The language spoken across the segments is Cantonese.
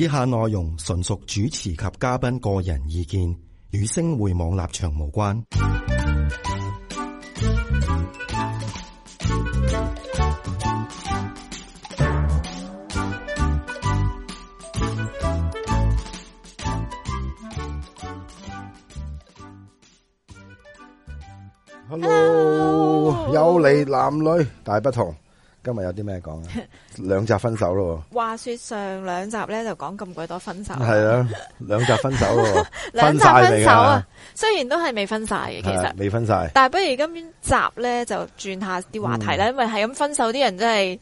以下內容純屬主持及嘉賓個人意見，與星匯網立場無關。Hello，Hello. 有你，男女大不同。今日有啲咩講啊？兩 集分手咯。話說上兩集咧就講咁鬼多分手。係啊，兩集分手咯，分手啊，噶。雖然都係未分晒，嘅，其實未分晒。但係不如今邊集咧就轉下啲話題啦，嗯，因為係咁分手啲人真係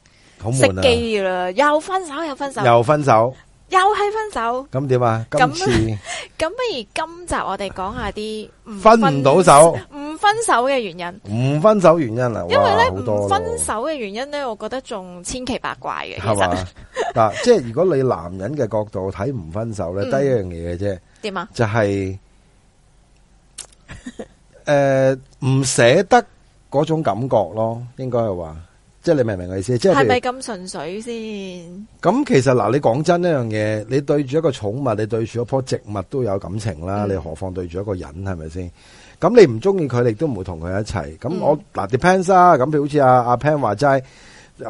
食雞啦，又分手又分手又分手。又係分手咁點啊？咁今次咁不如今集我哋講下啲分唔到手、唔分手嘅原因，唔分手原因啊！因為咧唔分手嘅原因咧，我覺得仲千奇百怪嘅。係嘛？嗱，即係如果你男人嘅角度睇唔分手咧，得一樣嘢嘅啫。點啊？就係誒，唔捨得嗰種感覺咯，應該係話。即係你明唔明我意思？即係，係咪咁純粹先？咁其實嗱，你講真一樣嘢，你對住一個寵物，你對住一棵植物都有感情啦，嗯、你何況對住一個人？係咪先？咁你唔中意佢，你都唔會同佢一齊。咁我嗱，depends 啦。咁譬、嗯啊、如好似阿阿 Pan 話齋，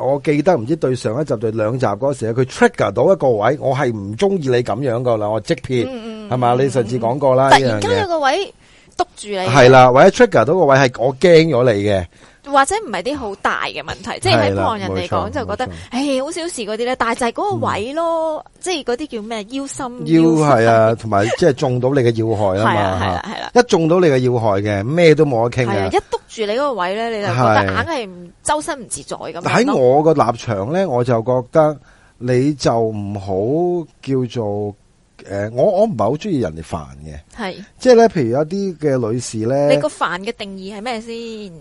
我記得唔知對上一集對兩集嗰時，佢 trigger 到一個位，我係唔中意你咁樣噶啦，我即撇，係嘛、嗯嗯嗯嗯？你上次講過啦，突然間有個位督住你，係啦，或者 trigger 到個位係我驚咗你嘅。或者唔係啲好大嘅問題，即係喺旁人嚟講就覺得，唉、哎，好小事嗰啲咧，但係就係嗰個位咯，嗯、即係嗰啲叫咩腰心腰啊，同埋即係中到你嘅要害啊嘛，係啦係啦，一中到你嘅要害嘅，咩都冇得傾嘅，一篤住你嗰個位咧，你就覺得硬係周身唔自在咁。喺我個立場咧，我就覺得你就唔好叫做。誒、呃，我我唔係好中意人哋煩嘅，係是，即係咧，譬如有啲嘅女士咧，你個煩嘅定義係咩先？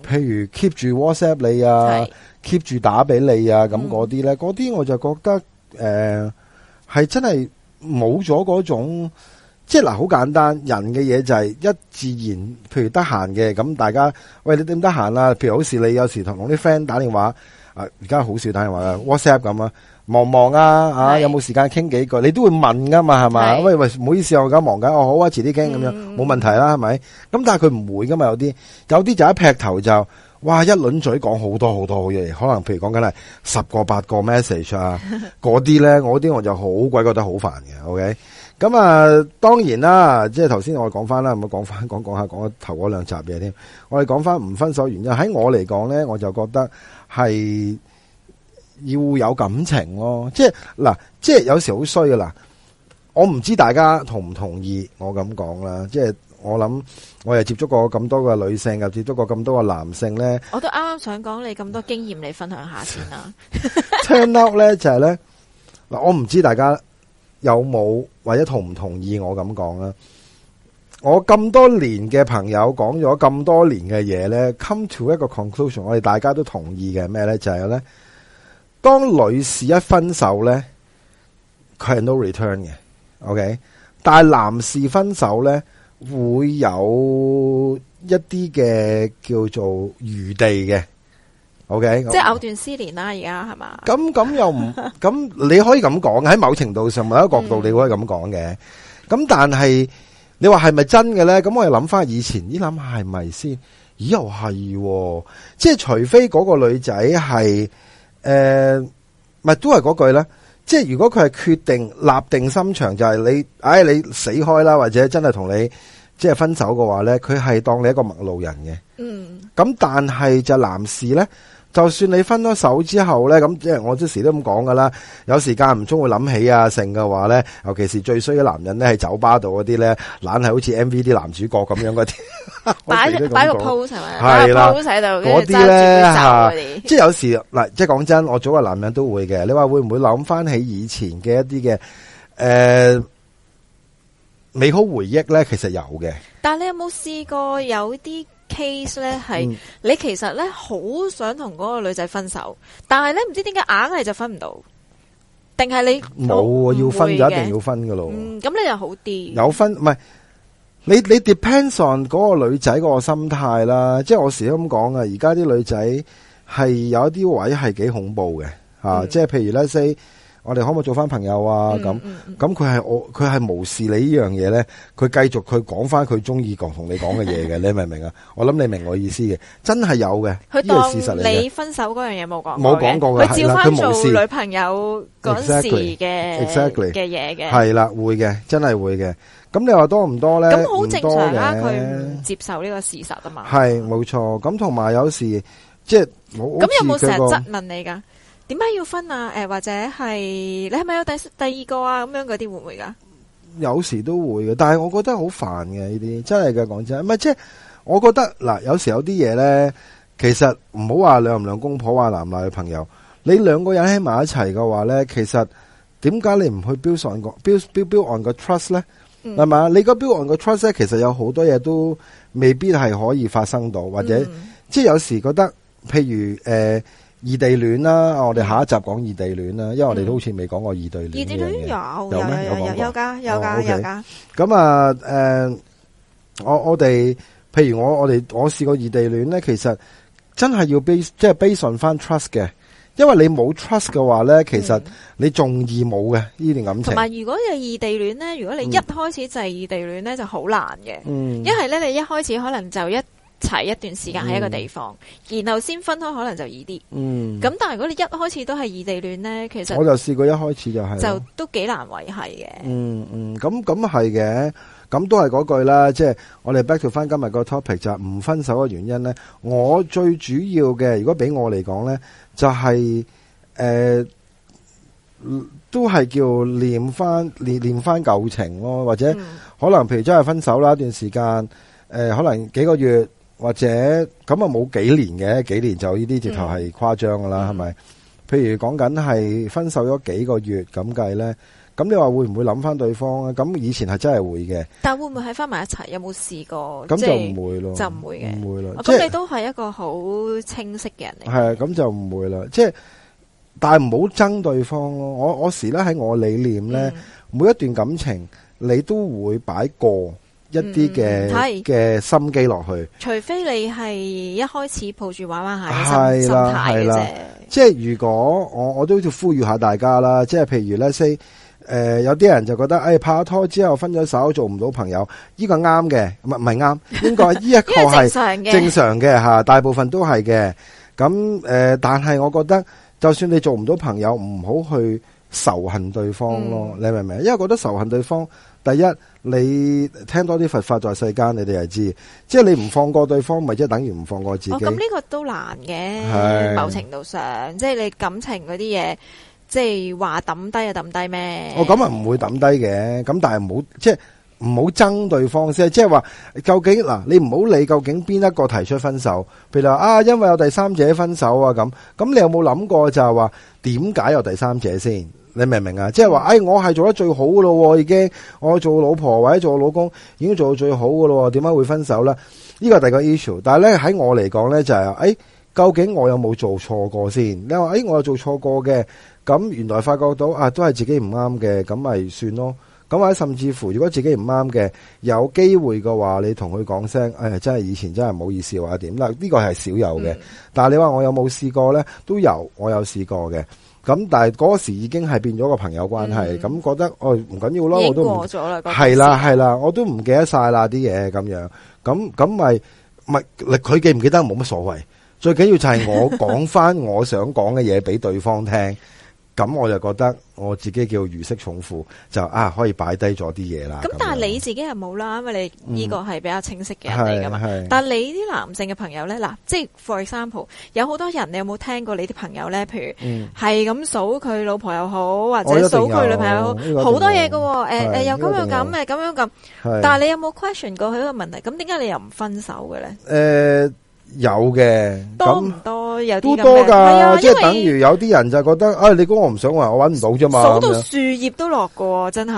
譬如 keep 住 WhatsApp 你啊，keep 住打俾你啊，咁嗰啲咧，嗰啲、啊嗯、我就覺得誒，係、呃、真係冇咗嗰種，即係嗱，好簡單，人嘅嘢就係一自然，譬如得閒嘅，咁大家喂，你點得閒啊？譬如好似你有時同我啲 friend 打電話，啊、呃，而家好少打電話啊，WhatsApp 咁啊。忙忙啊，是啊有冇時間傾幾句？你都會問噶嘛，係嘛是？喂喂，唔好意思，我而家忙緊。我、哦、好、啊，遲啲傾咁樣，冇問題啦，係咪？咁但係佢唔會噶嘛，有啲有啲就一劈頭就哇一輪嘴講好多好多好嘢，可能譬如講緊係十個八個 message 啊，嗰啲咧，我啲我就好鬼覺得好煩嘅。OK，咁啊，當然啦，即係頭先我哋講翻啦，咁講翻講講下講頭嗰兩集嘢添，我哋講翻唔分手原因喺我嚟講咧，我就覺得係。要有感情咯，即係嗱，即係有時好衰噶喇。我唔知大家同唔同意我咁講啦，即係我諗我又接觸過咁多個女性，又接觸過咁多個男性咧。我都啱啱想講你咁多經驗，你分享下先啦。Turn out 咧就係咧嗱，我唔知大家有冇或者同唔同意我咁講啦。我咁多年嘅朋友講咗咁多年嘅嘢咧，come to 一個 conclusion，我哋大家都同意嘅咩咧？就係咧。當女士一分手咧，佢係 no return 嘅。OK，但係男士分手咧會有一啲嘅叫做餘地嘅。OK，即係藕斷絲連啦、啊。而家係嘛？咁咁又唔咁？你可以咁講喺某程度上，某一個角度你可以咁講嘅。咁、嗯、但係你話係咪真嘅咧？咁我哋諗翻以前，咦諗下係咪先？咦又係，即係除非嗰個女仔係。誒，咪、呃、都係嗰句啦，即係如果佢係決定立定心腸，就係、是、你，唉，你死開啦，或者真係同你即係分手嘅話咧，佢係當你一個陌路人嘅。嗯，咁但係就男士咧。就算你分咗手之後咧，咁即係我即時都咁講噶啦。有時間唔中會諗起啊，剩嘅話咧，尤其是最衰嘅男人咧，喺酒吧度嗰啲咧，懶係好似 MV 啲男主角咁樣嗰啲，擺擺放 個 pose 係咪？係啦，嗰啲咧，即係有時嗱，即係講真，我早嘅男人都會嘅。你話會唔會諗翻起以前嘅一啲嘅誒美好回憶咧？其實有嘅。但係你有冇試過有啲？Case 咧係你其實咧好想同嗰個女仔分手，嗯、但係咧唔知點解硬係就分唔到，定係你冇沒要分就一定要分噶咯？咁、嗯、你又好啲。有分唔係你你 depends on 嗰個女仔個心態啦，即係我時都咁講啊！而家啲女仔係有一啲位係幾恐怖嘅，即係譬如咧我哋可唔可以做翻朋友啊？咁咁佢係我佢係無視你呢樣嘢咧，佢繼續佢講翻佢中意講同你講嘅嘢嘅，你明唔明啊？我諗你明我意思嘅，真係有嘅，呢個事實嚟嘅。你分手嗰樣嘢冇講冇講過嘅，佢照翻做女朋友嗰時嘅，嘅嘢嘅係啦，會嘅，真係會嘅。咁你話多唔多咧？咁好正常啊，佢唔接受呢個事實啊嘛。係冇錯，咁同埋有時即係我咁有冇成日質問你噶？點解要分啊？誒、呃，或者係你係咪有第第二個啊？咁樣嗰啲會唔會噶？有時都會嘅，但係我覺得好煩嘅呢啲，真係嘅講真，唔係即係我覺得嗱，有時有啲嘢咧，其實唔好話兩唔兩公婆啊，男唔男女朋友，你兩個人喺埋一齊嘅話咧，其實點解你唔去 build 上個 build build build on 個 trust 咧？係嘛、嗯？你個 build on 個 trust 咧，其實有好多嘢都未必係可以發生到，或者、嗯、即係有時覺得，譬如誒。呃異地戀啦，我哋下一集講異地戀啦，因為我哋都好似未講過異、嗯、地戀。異地戀有嗎有有講有噶有噶有噶。咁啊誒，我我哋，譬如我我哋我試過異地戀咧，其實真係要 b a s 悲，即係悲順翻 trust 嘅，因為你冇 trust 嘅話咧，其實你仲易冇嘅呢段感情。同埋，如果有異地戀咧，如果你一開始就係異地戀咧，就好難嘅，因為咧你一開始可能就一。齊一段時間喺一個地方，嗯、然後先分開可能就易啲。嗯，咁但係如果你一開始都係異地戀呢，其實我就試過一開始就係就都幾難維繫嘅。嗯嗯，咁咁係嘅，咁都係嗰句啦，即係我哋 back to 翻今日個 topic 就係、是、唔分手嘅原因呢。我最主要嘅，如果俾我嚟講呢，就係、是、誒、呃、都係叫念翻念念翻舊情咯，或者、嗯、可能譬如真係分手啦一段時間，誒、呃、可能幾個月。或者咁啊冇幾年嘅，幾年就呢啲直頭係誇張噶啦係咪？譬如講緊係分手咗幾個月咁計咧，咁你話會唔會諗翻對方啊？咁以前係真係會嘅，但會唔會喺翻埋一齊？有冇試過？咁就唔會咯，就唔會嘅，唔會咯。咁你都係一個好清晰嘅人嚟。係啊，咁就唔會啦。即係，但係唔好憎對方咯。我我時咧，喺我理念咧，每一段感情你都會擺過。嗯、一啲嘅嘅心機落去，除非你係一開始抱住玩玩下心心態嘅係啦係啦。即係如果我我都要呼籲下大家啦，即係譬如咧，say，誒有啲人就覺得，誒、哎、拍咗拖之後分咗手做唔到朋友，呢、這個啱嘅，唔唔係啱，應該呢一個係正常嘅。吓、啊，大部分都係嘅。咁誒、呃，但係我覺得，就算你做唔到朋友，唔好去仇恨對方咯。嗯、你明唔明？因為我覺得仇恨對方。第一，你聽多啲佛法在世間，你哋係知，即係你唔放過對方，咪即係等於唔放過自己。哦，咁呢個都難嘅，某程度上，即係你感情嗰啲嘢，即係話抌低就抌低咩？哦，咁啊唔會抌低嘅，咁但係唔好即係唔好爭對方先，即係話究竟嗱，你唔好理究竟邊一個提出分手，譬如話啊，因為有第三者分手啊咁，咁你有冇諗過就係話，點解有第三者先？你明唔明啊？即係話，哎，我係做得最好嘅咯，已經我做老婆或者做老公，已經做到最好嘅咯，點解會分手咧？呢個係第二個 issue。但係咧喺我嚟講咧就係，哎，究竟我有冇做錯過先？你話，哎，我有做錯過嘅，咁原來發覺到啊，都係自己唔啱嘅，咁咪算咯。咁或者甚至乎，如果自己唔啱嘅，有機會嘅話，你同佢講聲，誒、哎，真係以前真係唔好意思話點啦，呢個係少有嘅。嗯，但係你話我有冇試過咧？都有，我有試過嘅。咁但係嗰時已經係變咗個朋友關係，咁覺得哦，唔緊要啦，我都唔係啦係啦，我都唔記得晒啦啲嘢，咁樣，咁咁咪咪佢記唔記得冇乜所謂，最緊要就係我講返我想講嘅嘢俾對方聽。咁我就覺得我自己叫如釋重負，就啊可以擺低咗啲嘢啦。咁但係你自己係冇啦，因為你呢個係比較清晰嘅。㗎嘛、嗯，但係你啲男性嘅朋友呢？嗱、啊，即係 for example，有好多人，你有冇聽過你啲朋友呢？譬如係咁、嗯、數佢老婆又好，或者數佢女朋友好多嘢㗎喎。又咁樣咁，咁樣咁。樣樣是但係你有冇 question 過佢個問題？咁點解你又唔分手嘅呢？呃有嘅，多唔多有啲多咩？啊、即係等於有啲人就覺得，啊，你估我唔想話，我揾唔到啫嘛。數到樹葉都落過，真係。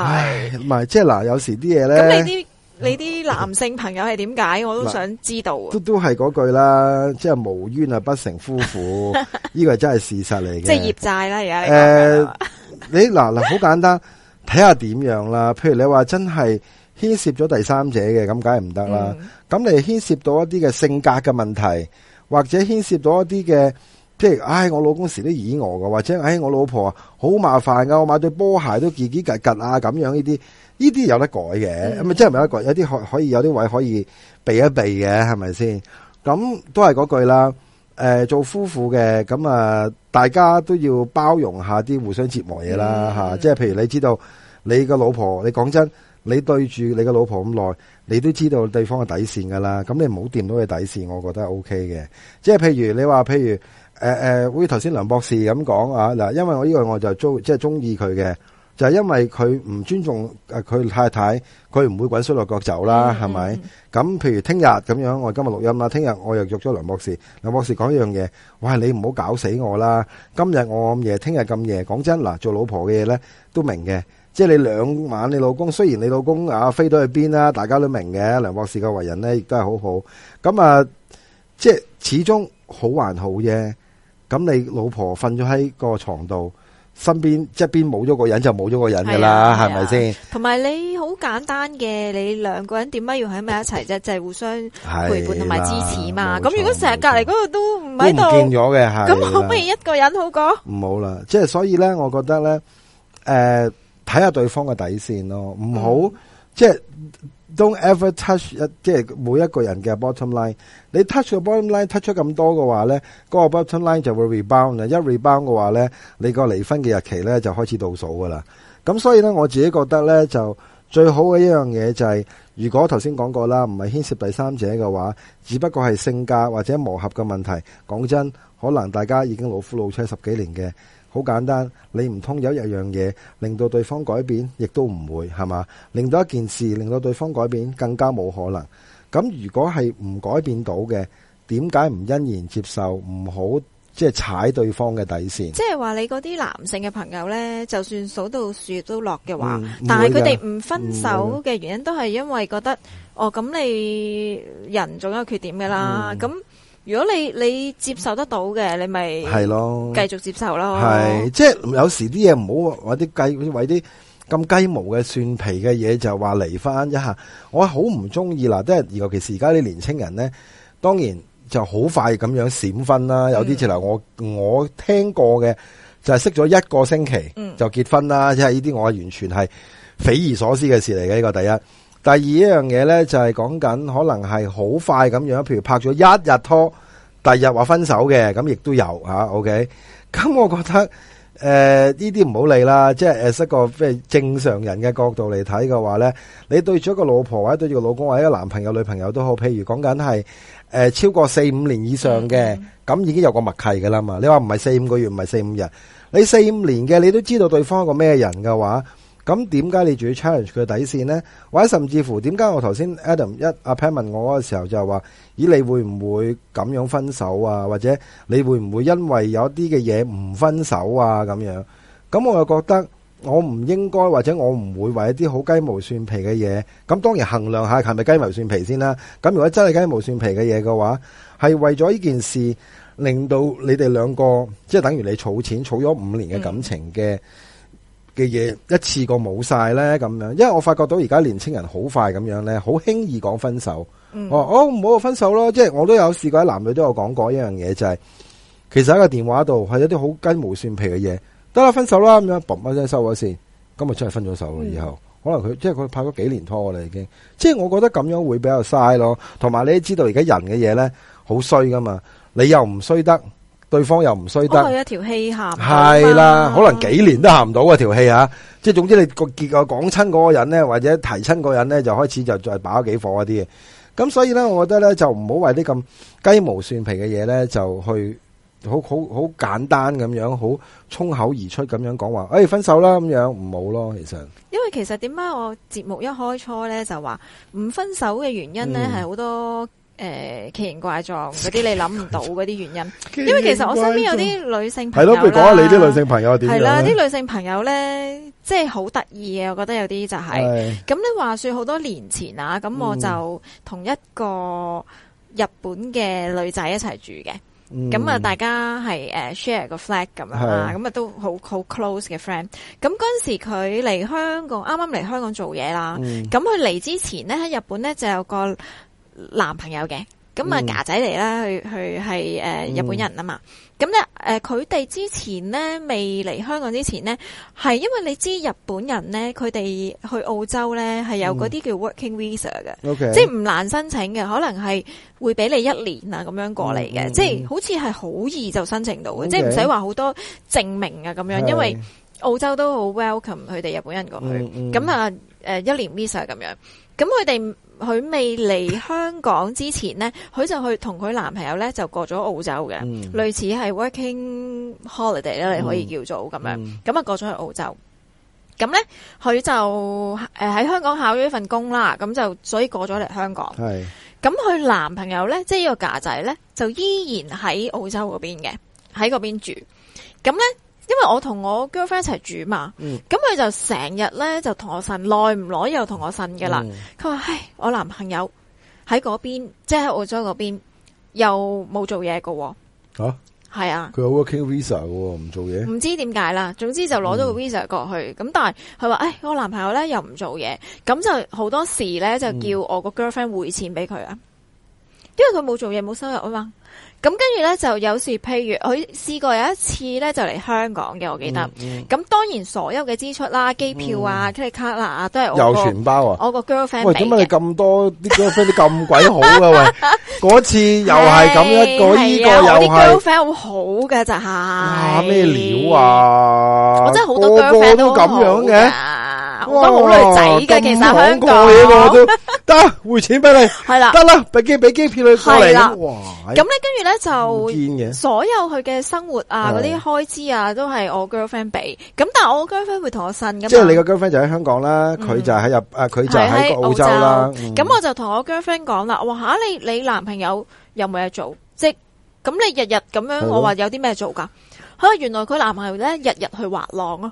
唔係，即係嗱，有時啲嘢咧。咁、嗯、你啲你啲男性朋友係點解？我都想知道都。都都係嗰句啦，即係無冤啊不成夫婦，呢個 真係事實嚟嘅。即係業債啦，而家。誒，你嗱嗱好簡單，睇下點樣啦。譬如你話真係。牽涉咗第三者嘅，咁梗係唔得啦。咁你牽涉到一啲嘅性格嘅問題，或者牽涉到一啲嘅，即係唉，我老公時都厭我㗎，或者唉、哎，我老婆啊好麻煩㗎，我買對波鞋都擠擠吉吉啊，咁樣呢啲呢啲有得改嘅，咁咪即係咪有得改？有啲可可以有啲位可、可以避一避嘅，係咪先？咁都係嗰句啦。誒、呃，做夫婦嘅咁啊，大家都要包容一下啲互相折磨嘢，啦吓。即係譬如你知道你個老婆，你講真。你對住你個老婆咁耐，你都知道對方嘅底線噶啦。咁你唔好掂到佢底線，我覺得 O K 嘅。即係譬如你話，譬如誒誒，好似頭先梁博士咁講啊嗱，因為我呢個我就中即係中意佢嘅，就係因為佢唔尊重誒佢太太，佢唔會滾水淥腳走啦，係咪？咁譬如聽日咁樣，我今日錄音啦，聽日我又約咗梁博士，梁博士講一樣嘢，喂！你唔好搞死我啦，今日我咁夜，聽日咁夜，講真嗱，做老婆嘅嘢咧都明嘅。即係你兩晚，你老公雖然你老公啊飛到去邊啦，大家都明嘅。梁博士嘅為人咧，亦都係好好。咁啊，即係始終好還好啫。咁你老婆瞓咗喺個床度，身邊即邊冇咗個人就冇咗個人噶啦，係咪先？同埋你好簡單嘅，你兩個人點解要喺埋一齊啫？就係互相陪伴同埋支持嘛。咁如果成日隔籬嗰個都唔喺度，見咗嘅，咁可唔可以一個人好過？唔好啦，即係所以咧，我覺得咧，誒。睇下對方嘅底線咯，唔好即係，don't ever touch 一即係每一個人嘅 bottom line。你 touch 個 bottom line，touch 出咁多嘅話呢，嗰個 bottom line 就會 rebound 啦。一 rebound 嘅話呢，你個離婚嘅日期呢，就開始倒數噶啦。咁所以呢，我自己覺得呢，就最好嘅一樣嘢就係，如果頭先講過啦，唔係牽涉第三者嘅話，只不過係性格或者磨合嘅問題。講真，可能大家已經老夫老妻十幾年嘅。好簡單，你唔通有一樣嘢令到對方改變，亦都唔會係嘛？令到一件事令到對方改變，更加冇可能。咁如果係唔改變到嘅，點解唔欣然接受？唔好即係踩對方嘅底線。即係話你嗰啲男性嘅朋友呢，就算數到樹都落嘅話，嗯、但係佢哋唔分手嘅原因，都係因為覺得、嗯、哦，咁你人仲有缺點嘅啦，咁、嗯。如果你你接受得到嘅，你咪係咯，繼續接受咯。係的吧即係有時啲嘢唔好話啲雞為啲咁雞毛嘅蒜皮嘅嘢就話離翻一下。我好唔中意啦，即係尤其是而家啲年青人咧，當然就好快咁樣閃婚啦。有啲似嚟我我聽過嘅就係識咗一個星期就結婚啦。嗯、即係呢啲我完全係匪夷所思嘅事嚟嘅呢個第一。第二一樣嘢呢，就係講緊可能係好快咁樣，譬如拍咗一日拖，第日話分手嘅，咁亦都有吓。OK，咁我覺得誒呢啲唔好理啦，即係誒一個非正常人嘅角度嚟睇嘅話呢，你對住一個老婆或者對住個老公或者一個男朋友女朋友都好，譬如講緊係誒超過四五年以上嘅，咁、嗯、已經有個默契㗎啦嘛。你話唔係四五個月，唔係四五日，你四五年嘅，你都知道對方一個咩人嘅話。咁點解你仲要 challenge 佢底線呢？或者甚至乎點解我頭先 Adam 一阿 Pen 問我嗰個時候就話：咦，你會唔會咁樣分手啊？或者你會唔會因為有啲嘅嘢唔分手啊？咁樣咁我又覺得我唔應該，或者我唔會為一啲好雞毛蒜皮嘅嘢。咁當然衡量下係咪雞毛蒜皮先啦。咁如果真係雞毛蒜皮嘅嘢嘅話，係為咗呢件事令到你哋兩個即係、就是、等於你儲錢儲咗五年嘅感情嘅嘅嘢一次過冇曬咧咁樣，因為我發覺到而家年青人好快咁樣咧，好輕易講分手。嗯、我話，哦，唔好就分手咯。即係我都有試過，喺男女都有講過一樣嘢，就係其實喺個電話度係一啲好雞毛蒜皮嘅嘢，得啦分手啦咁樣，嘣一聲收咗線。咁就真係分咗手啦。以後、嗯、可能佢即係佢拍咗幾年拖啦，已經。即係我覺得咁樣會比較嘥咯。同埋你都知道而家人嘅嘢咧好衰噶嘛，你又唔衰得，對方又唔衰得，有一條氣喊係啦，的可能幾年都喊唔到啊條氣吓，即係、嗯、總之你個結啊講親嗰個人呢，或者提親嗰個人呢，就開始就再把幾火嗰啲嘅，咁所以呢，我覺得呢，就唔好為啲咁雞毛蒜皮嘅嘢呢，就去好好好簡單咁樣，好衝口而出咁樣講話，誒、欸、分手啦咁樣，唔好咯，其實因為其實點解我節目一開初呢，就話唔分手嘅原因呢，係好多。嗯誒、呃，奇形怪狀嗰啲你諗唔到嗰啲原因， 因為其實我身邊有啲女性朋友係咯，不如講下你啲女性朋友點？係啦，啲女性朋友咧，即係好得意嘅。我覺得有啲就係、是，咁你的話說好多年前啊，咁我就同一個日本嘅女仔一齊住嘅，咁啊、嗯、大家係誒 share 個 flat 咁樣啦、啊，咁啊的都好好 close 嘅 friend。咁嗰陣時佢嚟香港，啱啱嚟香港做嘢啦，咁佢嚟之前咧喺日本咧就有個。男朋友嘅，咁啊嘎仔嚟啦，去去係誒日本人啊嘛，咁咧誒佢哋之前咧未嚟香港之前咧，係因為你知日本人咧，佢哋去澳洲咧係有嗰啲叫 working visa 嘅，嗯、okay, 即係唔難申請嘅，可能係會俾你一年啊咁樣過嚟嘅，嗯嗯、即係好似係好易就申請到嘅，okay, 即係唔使話好多證明啊咁樣，嗯、因為澳洲都好 welcome 佢哋日本人過去，咁、嗯嗯、啊誒一年 visa 咁樣。咁佢哋佢未嚟香港之前咧，佢就去同佢男朋友咧就過咗澳洲嘅，類似係 working holiday 咧，你可以叫做咁樣咁啊，過咗去澳洲。咁咧，佢就誒喺香港考咗一份工啦。咁就所以過咗嚟香港。係咁，佢男朋友咧，即係呢個架仔咧，就依然喺澳洲嗰邊嘅，喺嗰邊住。咁咧。因為我同我 girlfriend 一齊住嘛，咁佢、嗯、就成日咧就同我呻，耐唔耐又同我呻噶啦。佢話、嗯，唉，我男朋友喺嗰邊，即係澳洲嗰邊又冇做嘢噶。吓，係啊，佢、啊、有 working visa 噶，唔做嘢，唔知點解啦。總之就攞咗個 visa 過去，咁、嗯、但係佢話，唉，我男朋友咧又唔做嘢，咁就好多時咧就叫我個 girlfriend 匯錢俾佢啊，嗯、因為佢冇做嘢，冇收入啊嘛。咁跟住咧，就有時譬如，佢試過有一次咧，就嚟香港嘅，我記得。咁、嗯嗯、當然所有嘅支出啦、機票啊、credit card 啊，都係我全包啊。我個 girlfriend 喂，點解你咁多啲 girlfriend 咁鬼好啊？ 喂，嗰次又係咁一個，呢是個又係 girlfriend 好好嘅就係咩料啊？我，啊啊我真係好多 girlfriend 都咁樣嘅。都好女仔嘅，其實香港得，回錢俾你係啦，得啦，俾機俾機票你過嚟。係啦，咁咧跟住咧就所有佢嘅生活啊，嗰啲開支啊，都係我 girlfriend 俾。咁但係我 girlfriend 會同我呻。即係你個 girlfriend 就喺香港啦，佢就喺入誒，佢就喺澳洲啦。咁我就同我 girlfriend 講啦，我話吓，你你男朋友有冇嘢做，即係咁你日日咁樣，我話有啲咩做噶？吓，原來佢男朋友咧日日去滑浪咯。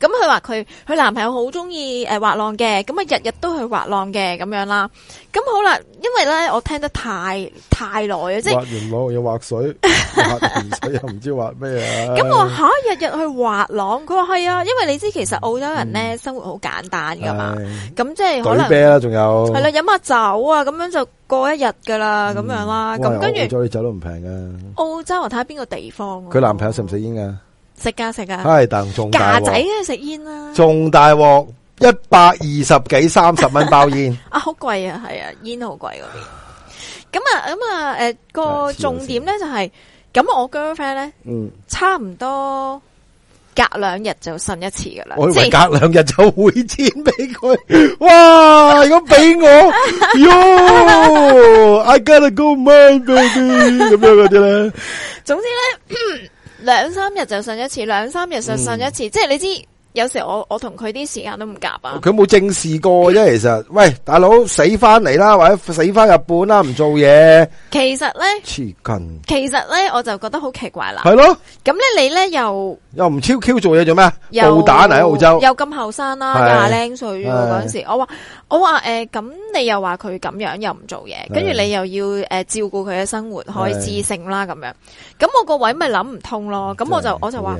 咁佢話佢佢男朋友好中意誒滑浪嘅，咁啊日日都去滑浪嘅咁樣啦。咁好啦，因為咧我聽得太太耐啊，即係滑完浪又滑水，滑完水又唔知滑咩啊。咁我吓日日去滑浪，佢話係啊，因為你知其實澳洲人咧生活好簡單噶嘛。咁即係可能飲啤啦，仲有係啦，飲下酒啊，咁樣就過一日噶啦，咁樣啦。咁跟住澳洲啲酒都唔平噶。澳洲話睇下邊個地方。佢男朋友食唔食煙噶？食噶食噶係鄧仲大鑊仔啊！食煙啦，仲大鑊一百二十幾三十蚊包煙啊，好貴啊，係啊，煙好貴噶。咁啊咁啊，誒個重點咧就係，咁我 girlfriend 咧，差唔多隔兩日就信一次噶啦，即係隔兩日就匯錢俾佢。哇！如果俾我，喲，I gotta go man，baby，咁樣嗰啲咧，總之咧。兩三日就上一次，兩三日就上一次，嗯、即係你知。有時我我同佢啲時間都唔夾啊！佢冇正視過啫，其實喂，大佬死翻嚟啦，或者死翻日本啦，唔做嘢。其實咧黐筋。其實咧我就覺得好奇怪啦。係咯。咁咧你咧又又唔超 Q 做嘢做咩？又打嚟澳洲。又咁後生啦，廿零歲嗰陣時，我話我話誒，咁你又話佢咁樣又唔做嘢，跟住你又要誒照顧佢嘅生活，可以自性啦咁樣。咁我個位咪諗唔通咯？咁我就我就話，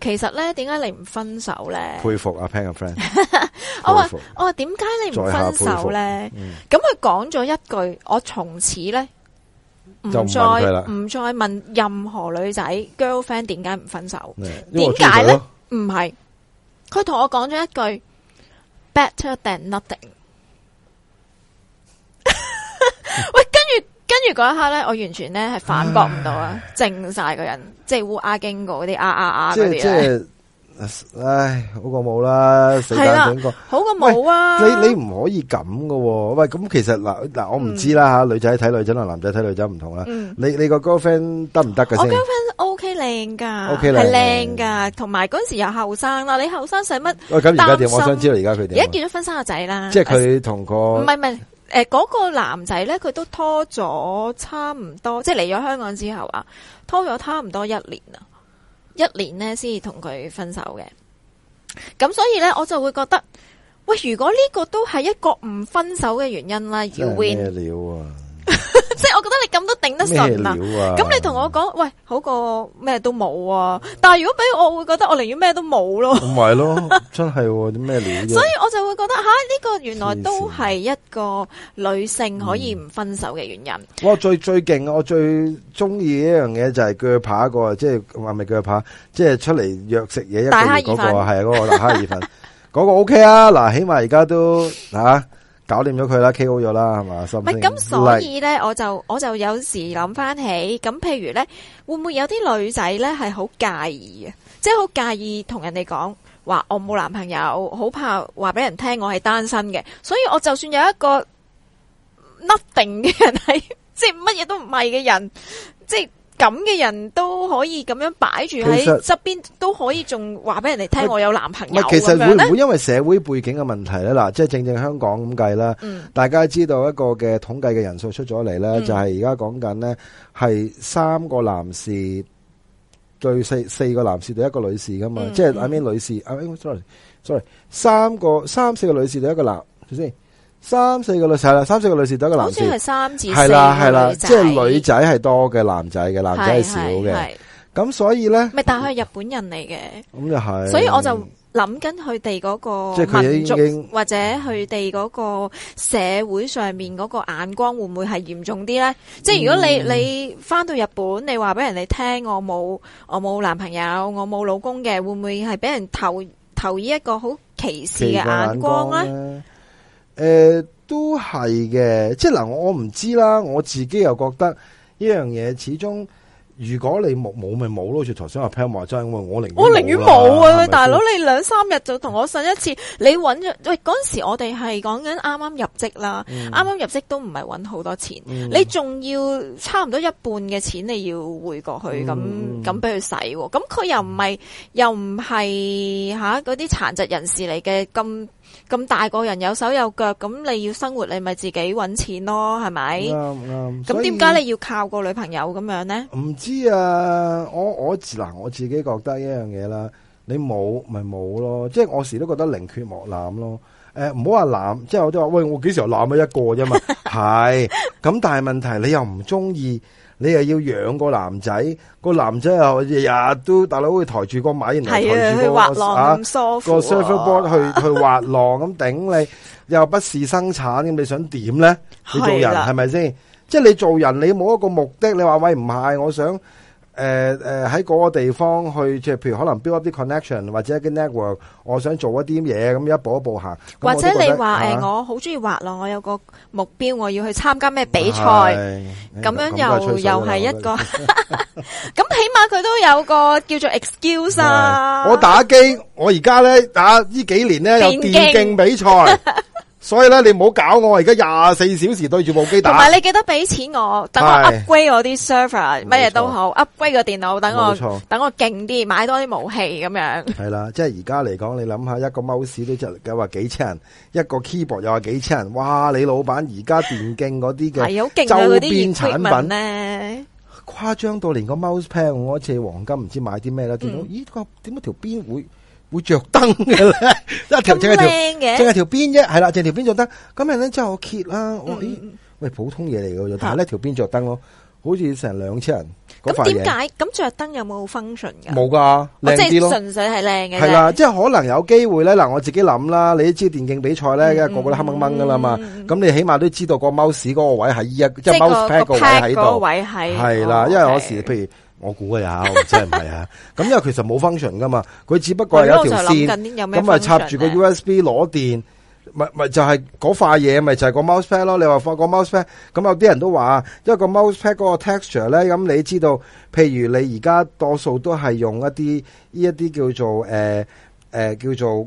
其實咧，點解你唔分手咧？佩服阿 Pan 嘅 friend，我話我話點解你唔分手咧？咁佢講咗一句，我從此咧唔再唔再問任何女仔 girlfriend 點解唔分手？點解咧？唔係佢同我講咗一句 better than nothing。喂， 跟住跟住嗰一刻咧，我完全咧係反駁唔到啊！靜晒個人，即係烏鴉經過嗰啲啊啊啊嗰啲是 唉，好過冇啦，死板頂過，好過冇啊！你你唔可以咁噶喎，喂，咁其實嗱嗱，我唔知啦吓，女仔睇女仔同男仔睇女仔唔同啦。你你個 girlfriend 得唔得嘅先？我 girlfriend O K 靚噶，O K 靚，靚噶，同埋嗰時又後生啦，你後生使乜？喂，咁而家點？我想知道而家佢點？而家結咗婚生個仔啦。即係佢同個唔係唔係誒，嗰個男仔咧，佢都拖咗差唔多，即係嚟咗香港之後啊，拖咗差唔多一年啊。一年咧先至同佢分手嘅，咁所以呢我就會覺得，喂，如果呢個都係一個唔分手嘅原因啦，要咩料啊？ 即係我覺得你咁都頂得順啦，咁你同我講，喂，好過咩都冇啊！但係如果俾我，會覺得我寧願咩都冇咯。唔係囉，真係啲咩料。所以我就會覺得吓，呢個原來都係一個女性可以唔分手嘅原因。我最最勁，我最中意一樣嘢就係鋸扒一個，即係話咪鋸扒，即係出嚟約食嘢嗰個係嗰個拿蝦意粉，嗰個 OK 啊！嗱，起碼而家都吓。搞掂咗佢啦，K O 咗啦，係嘛？唔係咁，like、所以咧，我就我就有時諗翻起，咁譬如咧，會唔會有啲女仔咧係好介意嘅，即係好介意同人哋講話我冇男朋友，好怕話俾人聽我係單身嘅，所以我就算有一個 nothing 嘅人，係即係乜嘢都唔係嘅人，即係。咁嘅人都可以咁樣擺住喺側邊，其實，都可以仲話俾人哋聽我有男朋友。其實會唔會因為社會背景嘅問題咧？嗱、嗯，即係正正香港咁計啦，大家知道一個嘅統計嘅人數出咗嚟咧，就係而家講緊呢，係三個男士對四四個男士對一個女士噶嘛，嗯、即係 I mean 女士 I mean,，sorry sorry，三個三四個女士對一個男，先。三四個女士啦，三四個女士得一個男士，好似係三至，係啦係啦，係係係即係女仔係多嘅，男仔嘅男仔少嘅。咁所以咧，咪但係佢係日本人嚟嘅，咁又係，所以我就諗緊佢哋嗰個民族即或者佢哋嗰個社會上面嗰個眼光會唔會係嚴重啲咧？嗯、即係如果你你翻到日本，你話俾人哋聽我冇我冇男朋友，我冇老公嘅，會唔會係俾人投投以一個好歧視嘅眼光咧？誒、呃，都係嘅，即係嗱，我我唔知啦，我自己又覺得呢樣嘢，始終如果你冇冇咪冇咯，好似頭先阿 Pan 話齋，我寧願我寧願我寧願冇啊，係咪大佬你兩三日就同我信一次，你搵咗喂嗰陣時我哋係講緊啱啱入職啦，啱啱、嗯、入職都唔係搵好多錢，嗯、你仲要差唔多一半嘅錢你要匯過去，咁咁俾佢使喎，咁佢、啊、又唔係又唔係吓嗰啲殘疾人士嚟嘅咁。咁大個人有手有腳，咁你要生活，你咪自己搵錢咯，係咪？啱啱，嗯？咁點解你要靠個女朋友咁樣咧？唔知啊，我我嗱，我自己覺得一樣嘢啦。你冇咪冇咯，即係我時都覺得寧缺莫濫咯。誒、呃，唔好話攬，即係我都話喂，我幾時候攬咗一個啫嘛，係咁，但係問題。你又唔中意，你又要養個男仔，那個男仔又日日、哎、都大佬會抬住個米，係、那個、啊個去，去滑浪，個 surfboard 去去滑浪咁頂你，又不是生產咁， 你想點咧？你做人係咪先？即係你做人，你冇一個目的，你話喂唔係，我想。誒誒，喺嗰、呃呃、個地方去，即係譬如可能 build up 啲 connection 或者啲 network，我想做一啲嘢，咁一步一步行。或者你話說誒、啊欸，我好中意滑浪，我有個目標，我要去參加咩比賽，咁的樣又樣是又係一個，咁 起碼佢都有個叫做 excuse 啊。我打機，我而家咧打呢幾年咧有電競比賽。變競 所以咧，你唔好搞我，我而家廿四小時對住部機打。同埋你記得俾錢我，等我 upgrade 我啲 server，乜嘢都好，upgrade 個錯電腦，等我，等錯我勁啲，買多啲武器咁樣。係啦，即係而家嚟講，你諗下一個 mouse 都就嘅話幾千人，一個 keyboard 又話幾千人，哇！你老闆而家電競嗰啲嘅周邊產品咧， 呢誇張到連個 mouse pen 我似黃金唔知買啲咩咧，見到、嗯、咦點解條邊會？會着燈嘅咧，一條正係條淨係條邊啫，係啦，淨條邊着燈。今日咧即係我揭啦，我咦喂，普通嘢嚟嘅，但係呢條邊着燈咯，好似成兩千人嗰塊嘢。咁點解咁着燈有冇 function 嘅？冇噶，靚啲咯。純粹係靚嘅。係啦，即係可能有機會咧。嗱，我自己諗啦，你知電競比賽咧，個個都黑掹掹噶啦嘛。咁你起碼都知道個 mouse 嗰個位係一，即係 mouse pad 個位喺度。位係啦，因為我時譬如。我估嘅有，我真係唔係啊！咁 因為其實冇 function 噶嘛，佢只不過係一條線，咁啊插住個 USB 攞電，咪咪就係嗰塊嘢，咪就係個 mouse pad 咯。你話放個 mouse pad，咁有啲人都話，一個 mouse pad 嗰個 texture 咧，咁你知道，譬如你而家多數都係用一啲呢一啲叫做誒誒叫做。呃呃叫做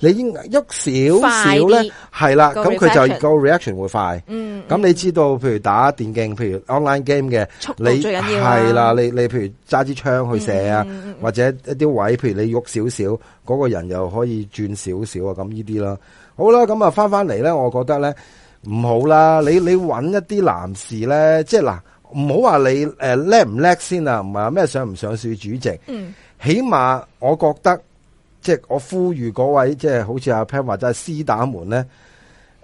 你應該喐少少咧，係啦點，咁佢了就、那個 reaction 會快。嗯，咁、嗯、你知道，譬如打電競，譬如 online game 嘅，你係啦，你你譬如揸支槍去射啊，嗯嗯嗯、或者一啲位，譬如你喐少少，嗰、那個人又可以轉少少啊，咁呢啲啦。好啦，咁啊翻翻嚟咧，我覺得咧唔好呢啦。你你揾一啲男士咧，即係嗱，唔好話你誒叻唔叻先啊，唔係咩上唔上市主席。嗯，起碼我覺得。即係我呼籲嗰位，即係好似阿 Pat 話齋，私打門咧。誒、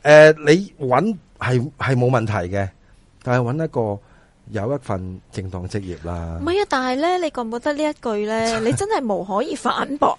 呃，你揾係係冇問題嘅，但係揾一個有一份正當職業啦。唔係啊，但係咧，你覺唔覺得呢一句咧，你真係無可以反駁？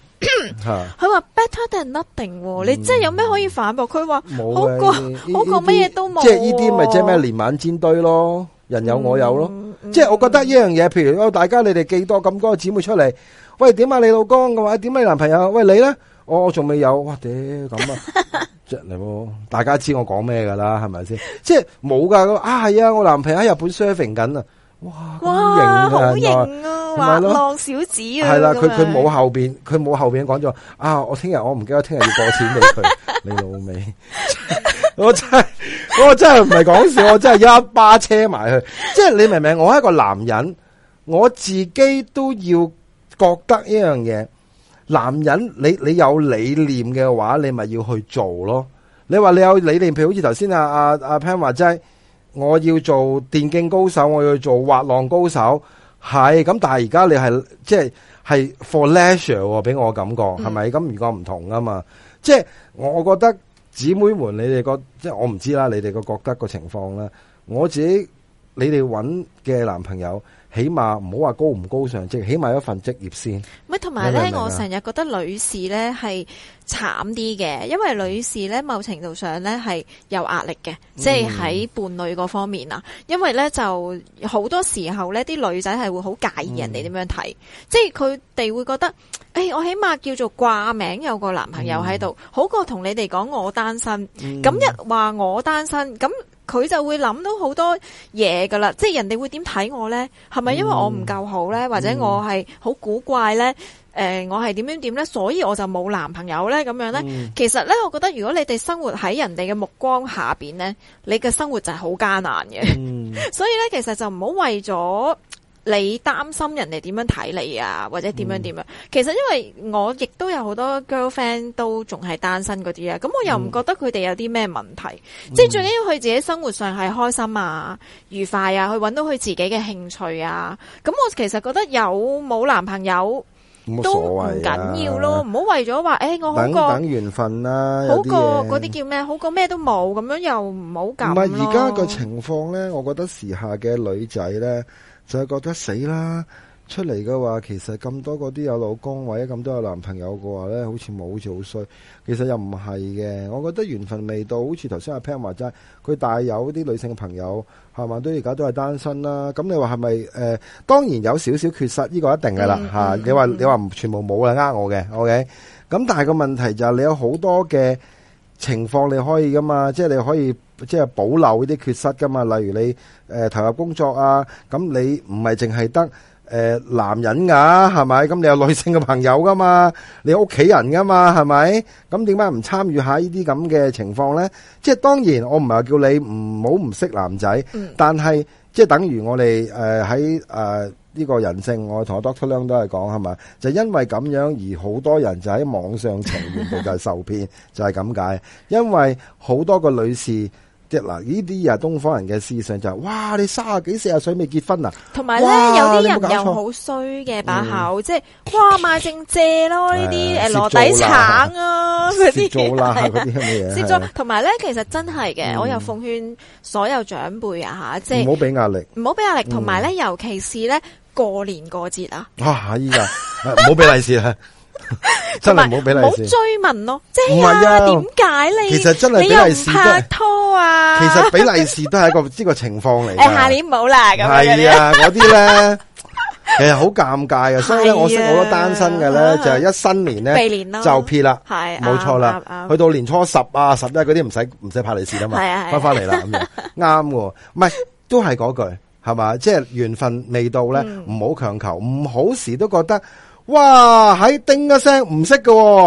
佢話 Better than nothing，嗯、你真係有咩可以反駁？佢話冇好過的好過咩嘢，些都冇啊。即係呢啲咪即係咩年晚煎堆咯，人有我有咯。嗯即係我覺得呢樣嘢，譬如哦，大家你哋幾多咁多姊妹出嚟？喂，點啊你老公？我話點解你男朋友？喂你咧？我我仲未有，哇屌咁啊！即係你，大家知我講咩噶啦？係咪先？即係冇噶咁啊？係啊！我男朋友喺日本 surfing 緊啊！哇，好型啊，好型啊，話浪小子啊！係啦，佢佢冇後邊，佢冇後邊講咗啊！我聽日我唔記得聽日要過錢俾佢，你老味。我真係，我真係唔係講笑，我真係要一巴車埋去。即係你明唔明？我係一個男人，我自己都要覺得一樣嘢。男人，你你有理念嘅話，你咪要去做咯。你話你有理念，譬如好似頭先啊啊啊潘話齋，即我要做電競高手，我要做滑浪高手，係咁。但係而家你係即係係 for leisure，俾我感覺係咪？咁、嗯、如果唔同噶嘛？即係我覺得。姊妹們，你哋覺得即係我唔知啦，你哋個覺得個情況啦，我自己你哋揾嘅男朋友。起碼唔好話高唔高尚，即起碼一份職業先。咪同埋咧，我成日覺得女士咧係慘啲嘅，因為女士咧某程度上咧係有壓力嘅，即係喺伴侶嗰方面啊。嗯、因為咧就好多時候咧，啲女仔係會好介意人哋點樣睇，嗯、即係佢哋會覺得，誒、哎，我起碼叫做掛名有個男朋友喺度，好過同你哋講我單身。咁、嗯、一話我單身咁。佢就會諗到好多嘢噶啦，即係人哋會點睇我呢？係咪因為我唔夠好呢？或者我係好古怪呢？誒、呃，我係點點點呢？所以我就冇男朋友呢？咁樣呢？嗯、其實呢，我覺得如果你哋生活喺人哋嘅目光下邊呢，你嘅生活就係好艱難嘅。嗯、 所以呢，其實就唔好為咗。你擔心人哋點樣睇你啊，或者點樣點樣？嗯、其實因為我亦都有好多 girlfriend 都仲係單身嗰啲啊，咁我又唔覺得佢哋有啲咩問題。嗯、即係最緊要佢自己生活上係開心啊、嗯、愉快啊，去搵到佢自己嘅興趣啊。咁我其實覺得有冇男朋友、啊、都唔緊要咯，唔好為咗話誒，我好過等等緣分啦，好過嗰啲叫咩？好過咩都冇咁樣又唔好搞。唔係而家嘅情況咧，我覺得時下嘅女仔咧。就係覺得死啦，出嚟嘅話其實咁多嗰啲有老公或者咁多有男朋友嘅話呢，好似冇，好似好衰。其實又唔係嘅，我覺得緣分未到。好似頭先阿 Pan 話齋，佢帶有啲女性嘅朋友，係嘛？都而家都係單身啦。咁你話係咪？誒、呃，當然有少少缺失，呢、這個一定噶啦吓。你話你話全部冇啦，呃我嘅，OK。咁但係個問題就係，是，你有好多嘅情況，你可以噶嘛？即係你可以。即係保留嗰啲缺失噶嘛，例如你誒投入工作啊，咁你唔係淨係得誒男人噶，係咪？咁你有女性嘅朋友噶嘛？你屋企人噶嘛？係咪？咁點解唔參與下呢啲咁嘅情況咧？即係當然，我唔係話叫你唔好唔識男仔，但係即係等於我哋誒喺誒呢個人性，我同 doctor 梁都係講，係咪？就因為咁樣而好多人就喺網上情緣度就係受騙，就係咁解。因為好多個女士。即嗱，呢啲啊，東方人嘅思想就，哇！你卅幾四啊歲未結婚啊，同埋咧有啲人又好衰嘅把口，即係，哇！賣剩蔗咯，呢啲誒籮底橙啊，嗰啲，識做啦，嗰啲咩嘢？識做，同埋咧，其實真係嘅，我又奉勸所有長輩啊吓，即係唔好俾壓力，唔好俾壓力，同埋咧，尤其是咧過年過節啊，哇！依家唔好俾利是啦，真係唔好俾利是，唔好追問咯，即係啊，點解你？其實真係俾利是都。其實俾利是都係一個呢個情況嚟，嘅。下年冇啦，係啊，嗰啲咧，其實，好尷尬啊！所以咧，我識好多單身嘅，咧，就一新年咧，避年咯，就撇啦，係，冇錯啦，去到年初十啊十一嗰啲唔使唔使派利是啊嘛，翻翻嚟啦，咁樣，啱喎，唔係都係嗰句，係嘛？即係緣分未到咧，唔好強求，唔好時都覺得哇，喺叮一聲唔識嘅，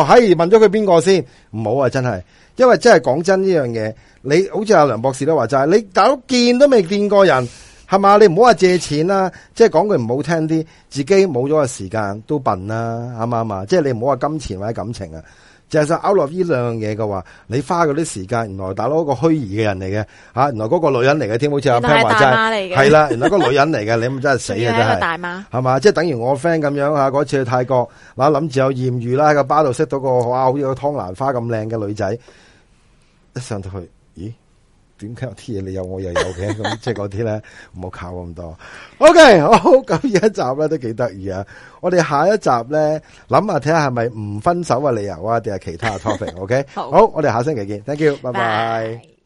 係問咗佢邊個先，唔好啊，真係。因為真係講真呢樣嘢，你好似阿梁博士都話齋，係，你大佬見都未見過人，係嘛？你唔好話借錢啦、啊，即係講句唔好聽啲，自己冇咗個時間都笨啦，啱唔啱啊？即係你唔好話金錢或者感情啊，就係實勾落呢兩樣嘢嘅話，你花嗰啲時間，原來大佬一個虛擬嘅人嚟嘅，吓、啊，原來嗰個女人嚟嘅添，好似阿 Pan 話齋係啦，原來嗰個女人嚟嘅， 你唔真係死嘅真係，係嘛？即係等於我 friend 咁樣吓，嗰次去泰國，嗱諗住有艷遇啦，喺個巴度識到個哇，好似個湯蘭花咁靚嘅女仔。一上到去，咦？點解有啲嘢你有我又有嘅？咁即係嗰啲咧，唔好靠咁多。OK，好，咁而一集咧都幾得意啊！我哋下一集咧諗下睇下係咪唔分手嘅理由啊，定係其他嘅 topic？OK，okay? 好，好，我哋下星期見 ，thank you，拜拜。